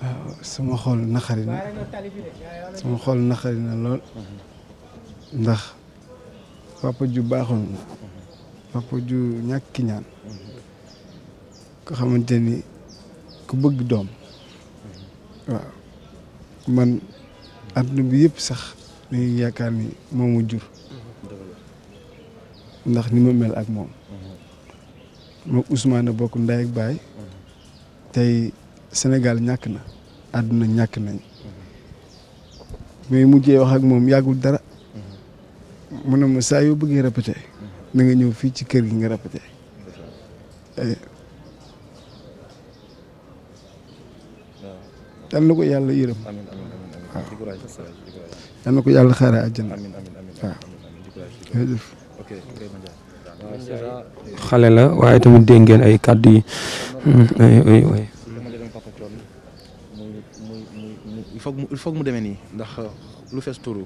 waaw sama xol naxari na sama xol naxari na lool ndax papa ju baaxoon na papa ju ñàkki ñaan ko xamante ni ku bëgg doom waaw at àdduna bi yëpp sax dañuy yaakaar ni moom mu jur ndax ni ma mel ak moom moom Ousmane bokk ndey ak baay tey Sénégal ñàkk na àdduna ñàkk nañ mais mujjee wax ak moom yàggul dara mu ne ma saa yoo bëggee répété na ñëw fii ci kër gi nga répété eh, yal na ko yàlla yërëm waaw na xale la eh, waaye eh, tamit dégg ay kàddu il faut mu il faut mu demee ndax lu fees turu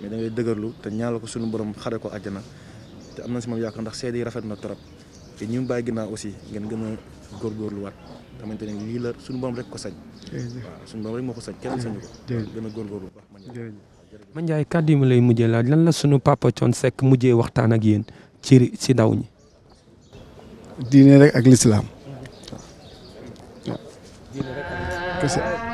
mais da ngay dëgërlu te ñaanal ko suñu borom xare ko àjjana te am na si moom yaakaar ndax seede yi rafet na trop te ñi mu bàyyi ginnaaw aussi ngeen gën a góorgóorluwaat xamante ne lii la suñu borom rek ko sañ. jërëjëf waaw suñu borom rek moo ko sañ kenn sañu ko. jërëjëf gën a góorgóorlu bu baax. jërëjëf man Ndiaye kàddu ma lay mujjee laaj lan la suñu papa Thione Seck mujjee waxtaan ak yéen ci si ndaw ñi. diine ak lislaam. diine rek ak lislaam.